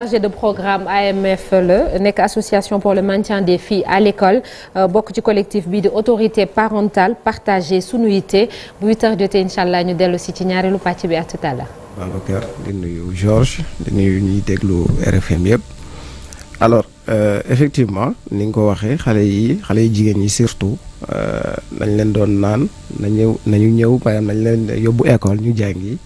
chargé de programme AMF la nekk association pour le maintien des filles à l'école euh, bokk ci collectif bii di autorité parentale partagée sunu yitte bu 8h jotee incha ñu dellu si ci ñaareelu pàcc bi à tout à l'heure. Babacar di nuyu Georges di nuyu ñuy déglu RFM yëpp alors euh, effectivement ni nga ko waxee xale yi xale yi jigéen ñi surtout euh, nañ leen doon naan nañu nañu ñëw maanaam nañ leen yóbbu école ñu jàngi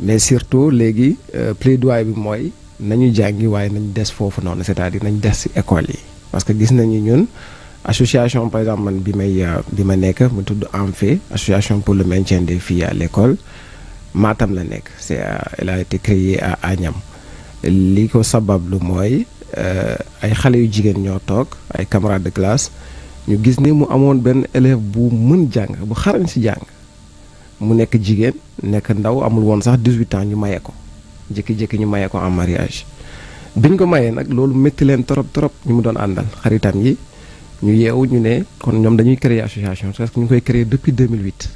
mais surtout léegi plaidoyer bi mooy. nañu jàngi waaye nañ des foofu noonu cest à nañu des ci école yi parce que gis nañu ñun association par exemple man bi may euh, bi ma nekk mu tudd AMFE association pour le maintien des filles l'école maatam la nekk c'est euh, elle a été créée à Agnam li ko sabab lu mooy euh, ay xale yu jigéen ñoo toog ay camarades de classe ñu gis ni mu amoon benn élève bu mën jàng bu xarañ si jàng mu nekk jigéen nekk ndaw amul woon sax 18 ans ñu maye ko jékki-jékki ñu mayee ko en mariage biñ ko mayee nag loolu métti leen trop trop ñu mu doon àndal xaritam yi ñu yeewu ñu ne kon ñoom dañuy créer association parce que ñu ngi koy créer depuis 2008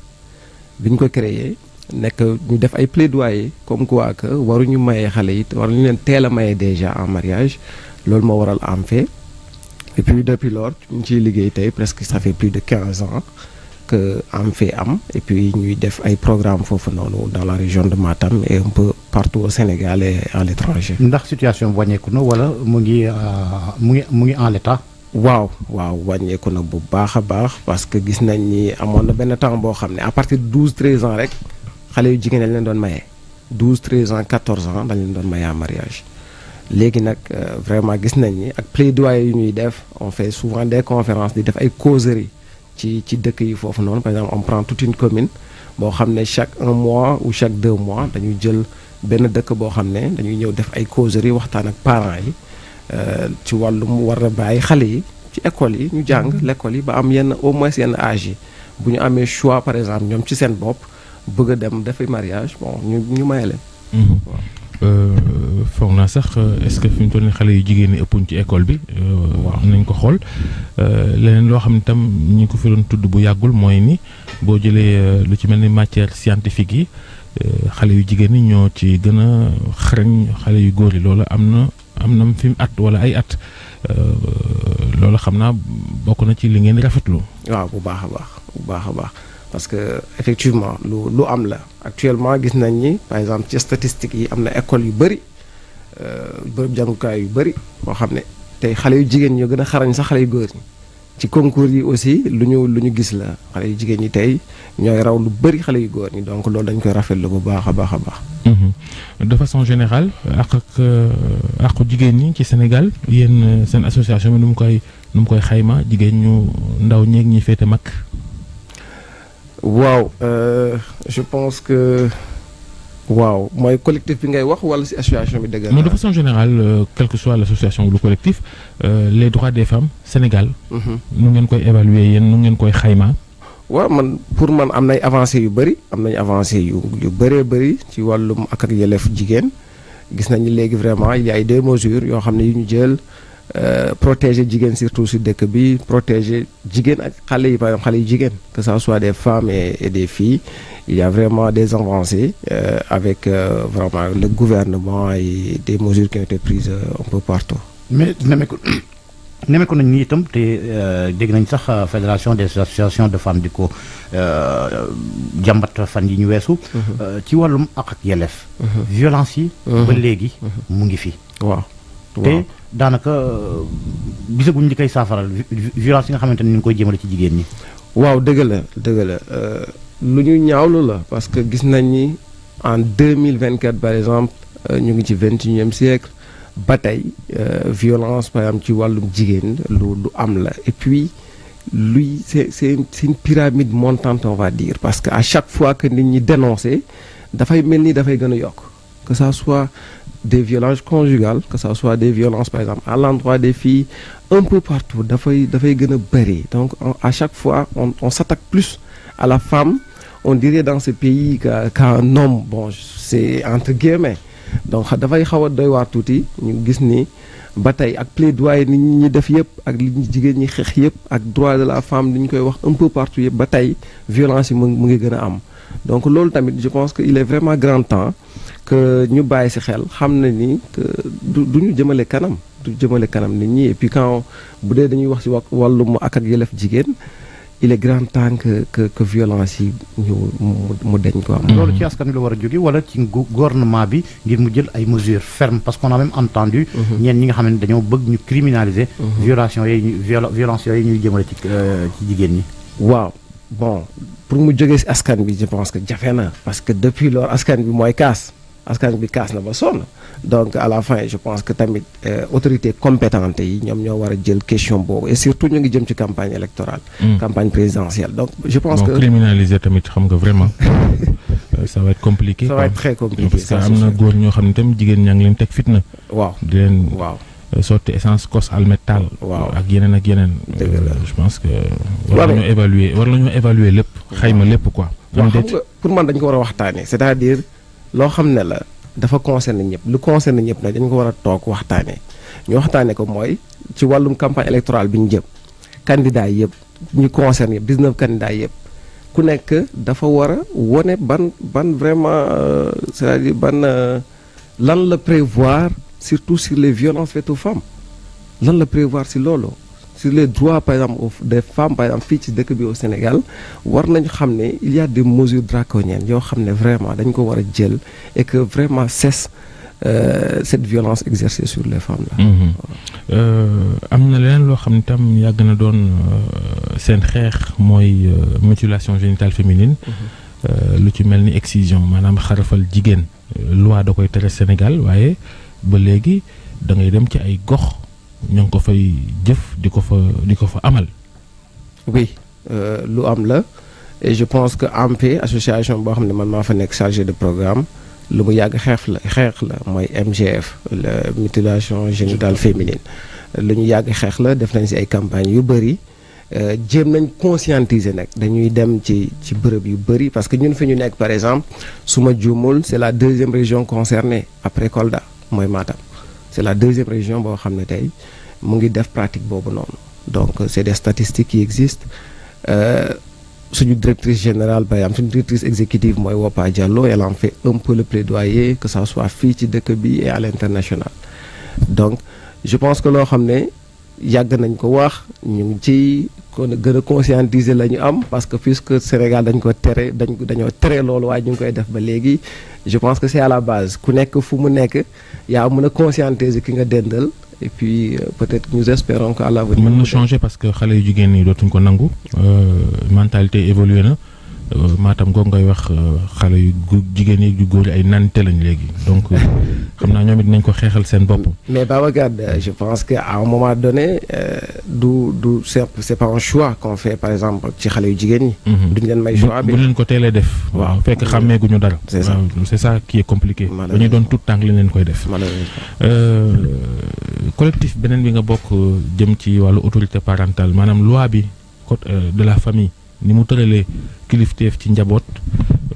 biñ ko créer nekk ñu def ay plaidoyer comme quoi que ñu mayee xale yi ñu leen teel a mayee déjà en mariage loolu moo waral am fee et de depuis lors ñu ciy liggéey tey presque ça fait plus de 15 ans que am fi am et puis ñuy def ay programme foofu noonu dans la région de Matam et un peu partout au Sénégal et à l'étranger ndax situation bu wàññeeku na wala mu ngi euh, mu ngi mu ngi en l'état waaw waaw wàññeeku na bu baax a baax parce que gis nañ ni amoon na benn temps boo xam ne à partir de douze treize ans rek xale yu jigéen dañ leen doon maye douze treize ans quatorze ans dañ leen doon maye en mariage léegi nag euh, vraiment gis nañ ni ak plaidoyer yu ñuy def on fait souvent des conférences di def ay causeries ci ci dëkk yi foofu noonu par exemple on prend toute une commune boo xam ne chaque un mois ou chaque deux mois dañuy jël benn dëkk boo xam ne dañuy ñëw def ay causeries waxtaan ak parents yi euh, ci wàllum war a bàyyi xale yi ci école yi ñu jàng mm-hmm. l'école yi ba am yenn au moins yenn âge yi bu ñu amee choix par exemple ñoom ci seen bopp bëgg dem dafay mariage bon ñu ñu maye leen. Mm-hmm. Euh, foog naa sax euh, est-ce que fi mu toll nii xale yu jigéen ñi ëppuñ ci école bi. Euh, waaw nañ ko xool leneen loo xam ne tam ñi ko fi tudd bu yàggul mooy nii boo jëlee lu ci mel ni matière scientifique yi xale yu jigéen ñi ñoo ci gën a xarañ xale yu góor yi loolu am na am na fi mu at walla ay at loolu xam naa bokk na ci li ngeen rafetlu. waaw bu baax a baax bu baax a baax. parce que effectivement lu lu am la actuellement gis nañ ni par exemple ci statistiques yi am na école yu bëri euh, bërëb jàngukaay yu bëri boo xam ne tey xale yu jigéen ñoo gën a xarañ sax xale yu góor ñi ci concours yi aussi lu ñu lu ñu gis la xale yu jigéen ñi tey ñooy raw lu bëri xale yu góor ñi donc loolu dañ koy rafetlu bu baax a baax a baax. Mhm. de façon générale ak euh, jigéen ñi ci Sénégal yéen euh, seen association bi nu mu koy nu mu koy xayma jigéen ñu ndaw ñeeg ñi féete mag. waaw euh, je pense que waaw mooy collectif bi ngay wax walla ci association bi dëgg non de façon générale euh, quelle que soit l'association ou le collectif euh, les droits des femmes Sénégal. Mhm. nu ngeen koy évaluer yéen nu ngeen koy xayma. waaw man pour man am nay avancé yu bëri am nañu avancé yu yu bëree bëri ci wàllum ak ak yelleef jigéen gis nañu léegi vraiment il y a deux mesures yoo xam ne yu ñu jël. Euh, protéger jigéen surtout si dëkk bi protéger jigéen ak xale yi par exemple xale yu jigéen que ça soit des femmes et, des filles il y vraiment des avancées euh, avec euh, vraiment le gouvernement et des mesures qui ont été prises euh, un peu partout. mais nemmeeku nemmeeku nañ ni itam te euh, dégg nañ sax fédération des associations de femmes di ko jambat fan yi ñu weesu. Mhm. ci wàllum ak ak yelleef. Mhm. violence yi. Mhm. ba léegi mu ngi fi. waaw daanaka euh, gisaguñ li koy saafaral violence yi nga xamante ni ñu ngi koy jëmale ci jigéen ñi. waaw dëgg la dëgg la euh, lu ñu ñaawlu la parce que gis nañ ni en deux mille vingt quatre par exemple euh, ñu ngi ci vingt et unième siècle ba tey violence par exemple ci wàllum jigéen lu lu am la et puis luy c'est c'est c'est une pyramide montante on va dire parce que à chaque fois que nit ñi dénoncé dafay mel ni dafay gën a yokk. que ça soit des violences conjugales que ça soit des violences par exemple à l'endroit des fi un peu partout dafay dafay gën a bëri donc on, à chaque fois on, on s'attaque plus à la femme on dirait dans ce pays qu'à qu'un homme bon c'est entre guillemets donc dafay xaw doy waar tuuti ñu gis ni ba tey ak plaidoyer nit ñi def yëpp ak li ñu jigéen ñi xeex yëpp ak droit de la femme li ñu koy wax un peu partout yëpp ba tey violence yi mu mu ngi gën a am donc loolu tamit je pense que il est vraiment grand temps que ñu bàyyi si xel xam na ni que du du ñu jëmale kanam du jëmale kanam nit ñi et puis quand bu dee dañuy wax ci wàllum ak ak yelef jigéen il est grand temps que que violence yi ñu mu deñ ko loolu ci askan wi la war a jóge wala ci gouvernement bi ngir mu jël ay mesures fermes parce que qu'on a même entendu mhm. ñeen ñi nga xam ne dañoo bëgg ñu criminaliser mhm. violation yooyu violence yooyu ñuy jëmale ci euh, ci jigéen ñi waaw pour mu jógee si askan bi je pense que jafe na parce que depuis lors askan bi mooy kaas askan bi kaas na ba sonn donc à la fin je pense que tamit euh, autorités compétentes yi ñoom ñoo war a jël question boobu et surtout ñu ngi jëm ci campagne électorale. Hmm. campagne présidentielle donc je pense que. criminaliser tamit xam nga vraiment. Euh, ça va être compliqué. ça va être très am na góor ñoo xam ne tamit jigéen ñaa ngi leen teg fitna. waaw di leen waaw. Euh, sotti essence cos almetal waaw ak yeneen ak yeneen. Euh, je pense que. war nañoo évaluer war nañoo évaluer lépp. xayma lépp ko xam pour man dañ ko war a waxtaanee c'est-à-dire loo xam ne la dafa concerné ñëpp lu concerné ñëpp nag dañ ko war a toog waxtaanee ñu waxtaanee ko mooy ci wàllum campagne électorale bi ñu jëm. candidat yëpp ñu concerné yëpp 19 candidats yëpp ku nekk dafa war a wone ban ban vraiment euh, c'est-à-dire ban lan la prévoir. surtout sur les violences faites aux femmes lan la prévoir si loolu sur les droits par exemple des femme par exemple fii ci dëkk bi au Sénégal war nañ xam ne il y a des mesures draconiennes yoo xam ne vraiment dañ ko war a jël et que vraiment cesse euh, cette violence exercée sur les femmes là. Mm-hmm. Euh, am na leen loo xam ne tam yàgg na doon euh, seen xeex mooy euh, mutilation génitale féminine. Mm-hmm. lu ci mel ni excision maanaam xarafal jigéen. loi da koy tere Sénégal waaye. ba léegi da dem ci ay gox ñu ngi ko fay jëf di ko fa di ko fa amal. oui euh, lu am la et je pense que AMPE association boo xam ne man maa fa nekk chargé de programme lu mu yàgg xeex la xeex la mooy MGF la mutilation génitale féminine lu ñu yàgg xeex la def nañ si ay campagnes yu bëri. Euh, jéem nañ conscientiser nag dañuy dem ci ci bërëb yu bari parce que ñun fi ñu nekk par exemple su ma juumul c'est la deuxième région concernée après Kolda mooy Matam c'est la deuxième région boo xam ne tey mu ngi def pratique boobu noonu donc c'est des statistiques qui existent euh, suñu directrice générale ba exemple suñu directrice exécutive mooy Wopa Diallo elle en fait un peu le plaidoyer que ça soit fii ci dëkk bi et à l'international donc je pense que loo xam ne yàgg nañ ko wax ñu ci kon gën a conscientiser la ñu am parce que puisque Sénégal dañ ko tere dañ dañoo tere loolu waaye ñu ngi koy def ba léegi je pense que c'est à la base ku nekk fu mu nekk yaa mën a conscientiser ki nga dendal et puis euh, peut-être nous espérons que à mën na changer parce que xale yu jigéen nii dootuñ ko nangu euh, mentalité évolué na Euh, maatam goog ngay wax euh, xale yu jigéen yi ju góor yi ay nante lañ léegi donc euh, xam naa ñoom it nañ ko xeexal seen bopp. mais Babacar je pense que à un moment donné du du c'est pas un choix par exemple ci xale yu jigéen ñi. Mhm. duñ leen may choix bi bu leen ko teelee def. waaw fekk xàmmeeguñu dara. c'est ça c'est ça qui est compliqué. ba doon tout tànk lañ leen koy def. collectif beneen bi nga bokk jëm ci wàllu autorité parentale maanaam loi bi code de la famille. ni mu tëralee kilifteef ci njaboot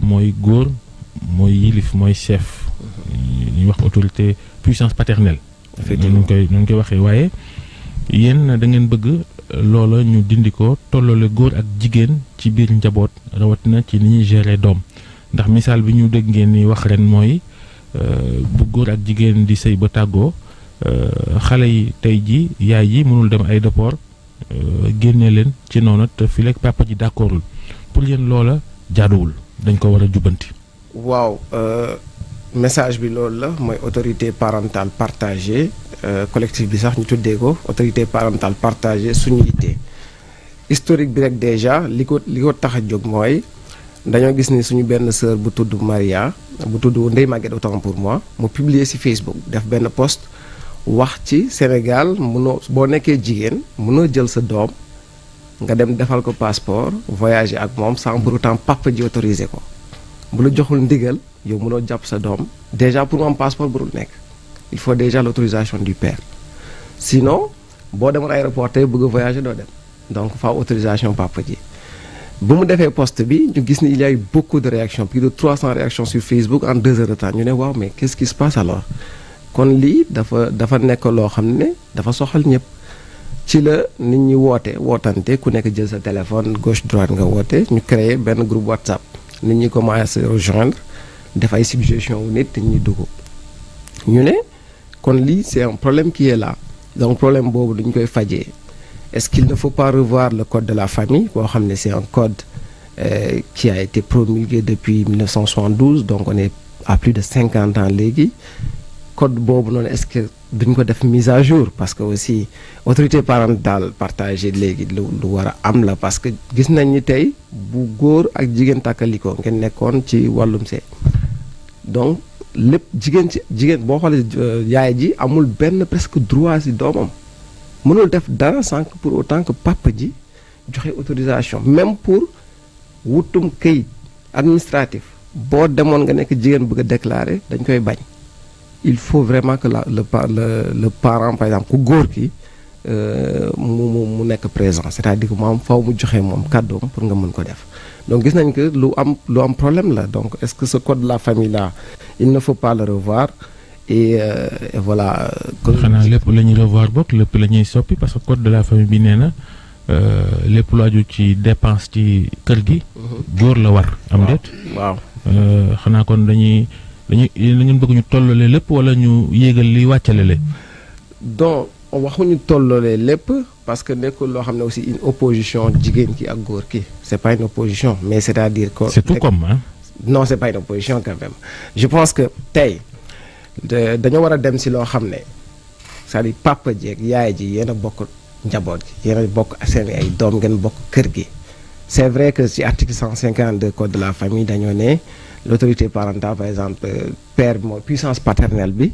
mooy góor mooy yilif mooy chef. ñuy wax autorité puissance paternelle. effectivement ñu koy ñu koy waxee waaye yéen da ngeen bëgg loola ñu dindi ko tolloole góor ak jigéen ci biir njaboot rawatina ci ni ñuy gérer doom ndax misaal bi ñu dégg ngeen ni wax ren mooy euh, bu góor ak jigéen di sëy ba tàggoo euh, xale yi tey ji yaay ji mënul dem ay aéroport Euh, génne leen ci noonu te fii léegi papa ji d'accordul pour yéen loola jaaduwul dañ ko war a jubbanti. waaw euh, message bi loolu la mooy autorité parentale partagée euh, collectif bi sax ñu tuddee ko autorité parentale partagé suñu yitte historique bi rek déjà li ko li ko tax a jóg mooy dañoo gis ni suñu benn sœur bu tudd Maria bu tudd Ndeye Maguette autant pour moi mu publier ci Facebook def benn post wax ci Sénégal mënoo boo nekkee jigéen mënoo jël sa doom nga dem defal ko passeport voyager ak moom sans pour autant papa ji autorisé ko bu la joxul ndigal yow mënoo jàpp sa doom déjà pour mu am passeport burul nekk il faut déjà l'autorisation du père sinon boo demoon aéroport tey bëgg a voyager doo dem donc faaw autorisation papa ji bu mu defee poste bi ñu gis ni il y a eu beaucoup de réactions plus de 300 réactions sur Facebook en deux heures temps ñu ne waaw mais qu'est-ce qui se kon lii dafa dafa nekk loo xam ne dafa soxal ñëpp ci la nit ñi woote wootante ku nekk jël sa téléphone gauche droite nga woote ñu créer benn groupe WhatsApp nit ñi commencé rejoindre def ay suggestion wu nit te ñuy ñu ne kon lii c'est un problème qui est là donc problème boobu dañ koy fajee est-ce qu'il ne faut pas revoir le code de la famille boo xam ne c'est un code euh, qui a été promulgué depuis 1972 donc on est à plus de cinquante ans léegi code boobu noonu est-ce que duñ ko def mise à jour parce que aussi autorité parentale partagée léegi lu lu war a am la parce que gis nañ ni tey bu góor ak jigéen tàkkalikoo ngeen nekkoon ci wàllum see donc lépp jigéen ci jigéen boo xoolee euh, yaay ji amul benn presque droit si doomam mënul def dara sànq pour autant que papa ji joxe autorisation même pour wutum këyit administratif boo demoon nga nekk jigéen bëgg a déclarer dañ koy bañ il faut vraiment que la le le le parent ku góor ki euh, mu mu nekk présent c'est-à-dire que moom faw mu joxe moom kàddoom pour nga mën ko def donc gis nañ que lu am lu am problème la donc est-ce que ce code de la famille là il ne faut pas le revoir et, euh, et euh, xanaa lépp la ñuy revoir boog lépp la ñuy soppi parce que code de la famille bi nee na euh, lépp lu aju ci dépense ci kër gi. Mhm. góor la war. am déet waaw xanaa kon dañuy. lañu la ngeen bëgg ñu tollale lépp wala ñu yéegal li wàccale le donc waxuñu tollale lépp parce que nekkul loo xam ne aussi une opposition jigéen ki ak góor ki c'est pas une opposition mais c'est-à-dire que c'est tout comme hein non c'est pas une opposition quand je pense que tey dañoo war a dem si loo xam ne c'est-à-dire papa ji yaay ji yéen a bokk njaboot gi yéen a bokk seen ay doom ngeen bokk kër gi c'est vrai que si article 152 code de la famille dañoo ne l'autorité parentale par exemple père bi mooy puissance paternelle bi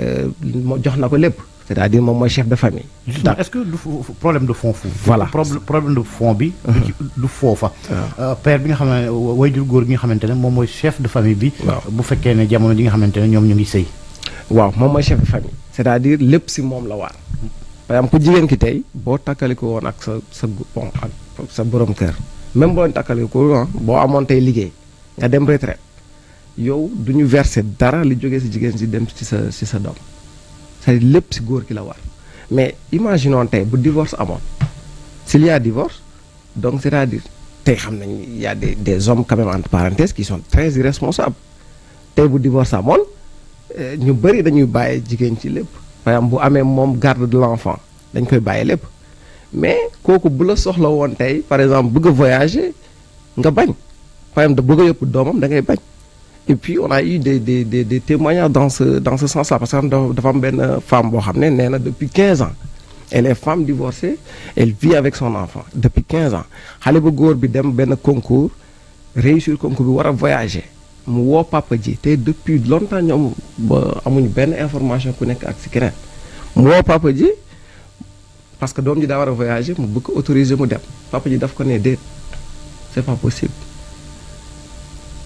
euh, moo jox na ko lépp c'est-à-dire moom mooy chef de famille. justement est-ce que du problème de fond foofu. voilà problème de bi. du uh-huh. du foofa. Uh-huh. Euh, père bi nga xam ne wayjur góor bi nga xamante ne moom mooy chef de famille bi. bu fekkee ne jamono ji nga xamante ne ñoom ñu ngi sëy. waaw moom mooy chef de famille. c'est-à-dire lépp si moom la waar. par exemple ku jigéen ki tey boo takkaliko woon ak sa sa bon ak sa borom kër même boo takkaliko ko boo amoon tey liggéey nga dem retraite. yow du ñu verser dara li jógee si jigéen si dem ci sa si sa doom cest à lépp si góor ki la war mais imaginons tey bu divorce amoon s'il y a divorce donc c'est-à-dire tey xam nañ il y a des des hommes quand même entre parenthèses qui sont très irresponsables tey bu divorce amoon euh, ñu bëri dañuy bàyyi jigéen ci lépp par bu amee moom garde de l'enfant dañ koy bàyyi lépp mais kooku bu la soxla woon tey par exemple bëgg a voyager nga bañ par exemple da bëgg doomam da ngay bañ et puis on a eu des des des des témoignages dans ce dans ce sens parce que dafa am benn femme boo xam ne nee na depuis 15 ans elle est femme divorcée elle vit avec son enfant depuis quinze ans xale bu góor bi dem benn concours réussir concours bi war a voyager mu woo papa ji te depuis longtemps ñoom ba amuñu benn information ku nekk ak si keneen mu woo papa ji parce que doom ji daa war a voyager mu bukk autoriser mu dem papa ji daf ko ne déet c'est pas possible.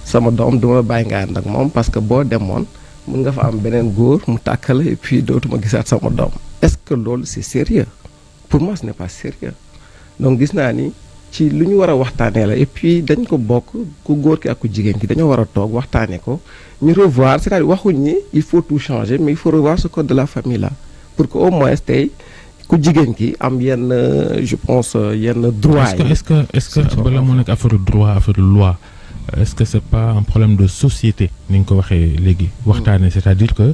sama doom duma bàyyi nga ànd ak moom parce que boo demoon mun nga fa am beneen góor mu tàkkale et puis dootuma gisaat sama doom est-ce que loolu c'est sérieux pour moi ce n'est pas sérieux donc gis naa ni ci lu ñu war a waxtaanee la et puis dañ ko bokk ku góor ki ak ku jigéen ki dañoo war a toog waxtaanee ko ñu revoir c'est-à-dire il faut tout changer mais il faut revoir ce code de la famille la pour que au moins tey ku jigéen ki am yenn je pense yenn droit est-ce que est-ce que est-ce que bala moo est-ce que c'est pas un problème de société ni nga ko waxee léegi waxtaane c'est-à-dire que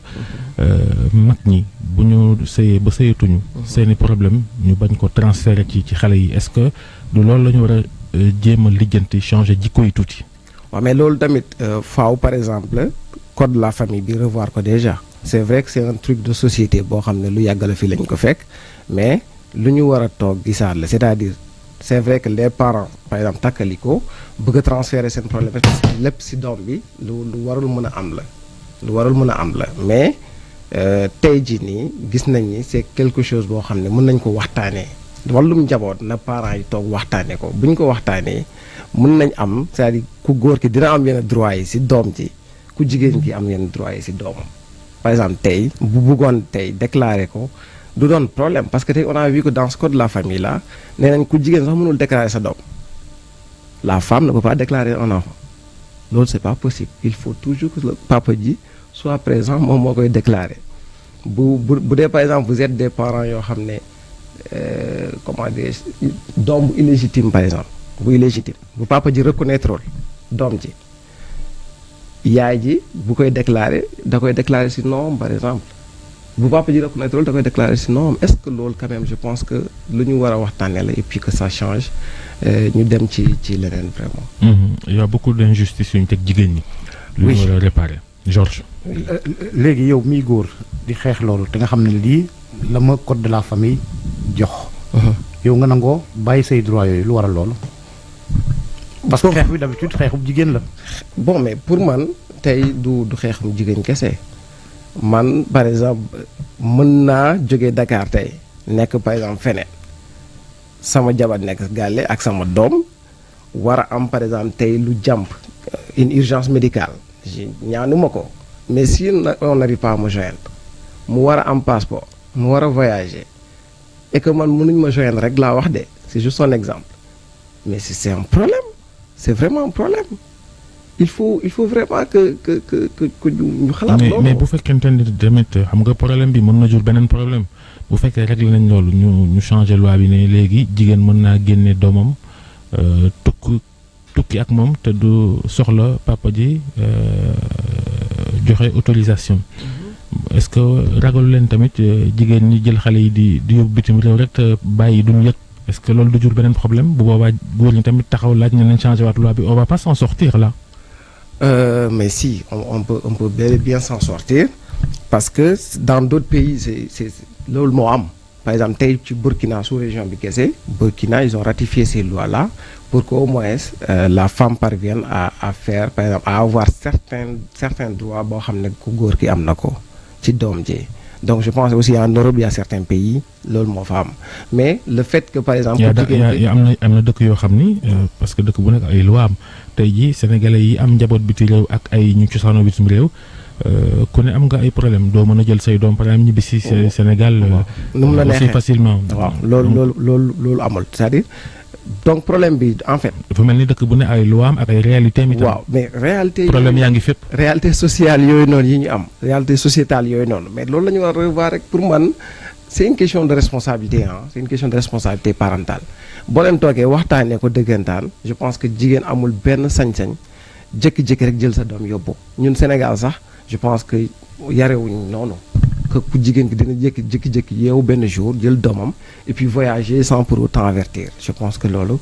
euh, mag ñi bu ñu sëyee ba sëyatuñu seeni problème ñu bañ ko transférer ci ci xale yi est-ce que du loolu la ñu war a euh, jéem a lijjanti changer jikko tuuti waaw mais loolu tamit euh, faw par exemple code de la famille bi revoir ko déjà c'est vrai que c'est un truc de société boo xam ne lu yàgg la fi lañ ko fekk mais lu ñu war a toog gisaat la c'est-à-dire c'est vrai que les parents par exemple ko bëgg a transférer seen problème parce que lépp ci doom bi lu lu warul mën a am la lu warul mën a am la mais euh, tey jii nii gis nañ ni c'est quelque chose boo xam ne mën nañ ko waxtaanee wàllum njaboot na parent yi toog waxtaanee ko buñ ko waxtaanee mën nañ am cest à ku góor ki dina am yenn droit yi ci doom ji ku jigéen ki am yenn droit yi ci doomam par exemple tey bu bëggoon tey déclarer ko du doon problème parce que tey on a vu que dans ce code de la famille là nee nañ ku jigéen sax mënul déclarer sa doom la femme ne peut pas déclarer un enfant loolu c'est pas possible il faut toujours que le papa ji soit présent moom moo koy déclarer bu bu bu dee par exemple vous êtes des parents yoo xam ne euh, comment dire doom bu par exemple bu illégitime bu papa ji reconnaître doom ji yaay ji bu koy déclarer da koy déclarer si nom par exemple bu papa ji reconnaître loolu da koy déclarer est-ce que loolu quand même je pense que lu ñu war a waxtaanee la et puis que ça change euh, ñu dem ci ci leneen vraiment. Mm-hmm. il y a beaucoup d'injustice yu ñu teg jigéen ñi. oui lu ñu war a réparer Georges. léegi yow mii góor di xeex loolu te nga xam ne lii la ma code de la famille jox. Uh-huh. yow nga nangoo bàyyi say droit yooyu lu war a loolu. parce que xeex bi d'habitude xeexub jigéen la. bon mais pour man tey du du xeexum jigéen kese. man par exemple mën naa jóge Dakar tey nekk par exemple feneen sama jabar nekk gàlle ak sama doom war a am par exemple tey lu jàmp une urgence médicale ma ko mais si on n'arrive pas à me joindre mu war a am passeport mu war a voyager et que man mënuñ ma joindre rek laa wax de c'est juste un exemple mais c'est un problème c'est vraiment un problème il faut il faut vraiment que que que que ñu xalaat mais bu fekkente ni tamit xam nga problème bi mën na jur beneen problème bu fekkee réglé nañ loolu ñu ñu changé loi bi ne léegi jigéen mën naa génne doomam euh, tukk tukki ak moom te du soxla papa ji euh, joxe autorisation. Mm-hmm. est-ce que ragalu leen tamit euh, jigéen ñi jël xale yi di di yóbbu bitim réew rek te bàyyi duñu yëg est-ce que loolu du jur beneen problème bu boobaa góor ñi tamit taxaw laaj ne leen changé waat loi bi on va pas s'en sortir Euh, mais si, on, on, peut, on peut bel et bien s'en sortir parce que dans d'autres pays, c'est loolu moo am par exemple tey ci Burkina sous-région bi kese Burkina ils ont ratifié ces lois-là pour qu'au moins euh, la femme parvienne à à faire par exemple à avoir certains certains droits boo xam ne ko góor ki am na ko ci doom ji donc je pense aussi en Europe il y a certains pays loolu moo fa am mais le fait que par exemple. yaa am na am na dëkk yoo xam ni euh, parce que dëkk bu nekk ay loi am tey ji sénégalais yi am njaboot bi biti réew ak ay ñu cosaanoo bitim réew. Euh, ku ne am nga ay problème doo mën a jël say doom par exemple ñibbi si Sénégal. Euh, nu mu la neexee aussi facilement. waaw loolu loolu loolu loolu amul cest donc problème bi en fait. dafa mel ni dëkk bu ne ay luwaam ak ay réalité mi tam. waaw mais réalité. problème yaa ngi fépp. réalité sociale yooyu noonu yi ñu am. réalité sociétale yooyu noonu mais loolu la ñu war revoir rek pour man c' une question de responsabilité ah c' est une parentale boo leen toogee waxtaanee ko dëggantaan je pense que jigéen amul benn sañ-sañ jékki-jékki rek jël sa doom yóbbu ñun Sénégal sax je pense que yarewuñu noonu. que ku jigéen ki dina jékki jékki-jékki yeewu benn jour jël doomam et puis voyager sans pour autant avertir je pense que loolu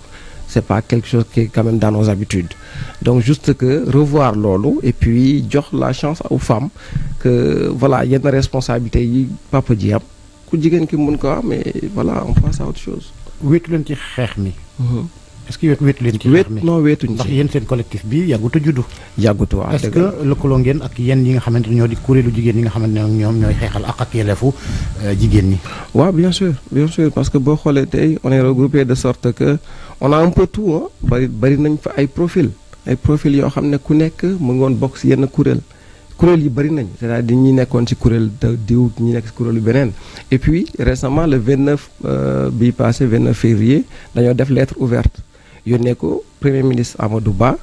c'est pas quelque chose qui est quand même dans nos donc juste que revoir loolu et puis jox la chance aux femmes que voilà yenn responsabilité yi papa ji am ku jigéen ki mun ko am mais voilà on passe à autre chose wéetu leen ci xeex mi mm-hmm. est-ce que wét wéetu leen ci wéet non wéetuñ ndax yéen seen collectif bi yàggut a juddu yàggut waaw est-ce que ngeen ak yenn yi nga xamante ne ñoo di kuréelu jigéen yi nga ne ñoom ñooy xeexal ak ak yelefu euh, jigéen ñi waaw bien sûr bien sûr parce que boo xoolee tey on est regroupé de sorte que on a un peu tout bari nañ fa ay profil ay profil yoo xam ne ku nekk mu ngi woon bokk si yenn kuréel kuréel yi bëri nañ c'est-à-dire ñi nekkoon ci kuréel diw ñi nekk ci kuréelu beneen et puis récemment le 29 euh, bi passé 29 février dañoo def lettre ouverte yónnee ko premier ministre Amadou Ba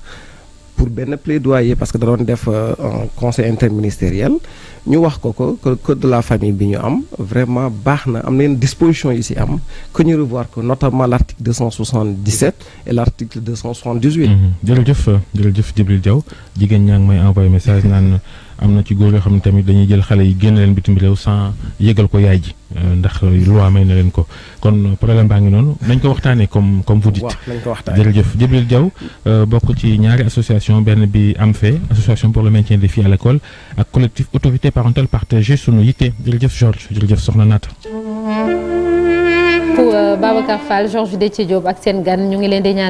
pour benn plaidoyer parce que da doon def euh, un conseil interministériel ñu wax ko ko que code de la famille bi ñu am vraiment baax na am na yenn disposition yi ci am que ñu revoir ko notamment l' article 277 et l' article 278. jërëjëf jërëjëf Djibril Diaw jigéen ñaa ngi may envoyé message naan. am na ci góor yoo xam ne tamit dañuy jël xale yi génn leen bitim réew sans yëgal ko yaay ji euh, ndax loi may na leen ko kon euh, problème baa ngi noonu nañ ko waxtaanee comme comme vous dites. jërëjëf Djibril euh, bokk ci ñaari association benn bi am fee association pour le maintien des à l'école ak collectif autorité parentale partagée sunu yitte jërëjëf Georges jërëjëf Soxna Naata. Babacar Fall Georges Déthié Diop ak seen gan ñu ngi leen di ñaan.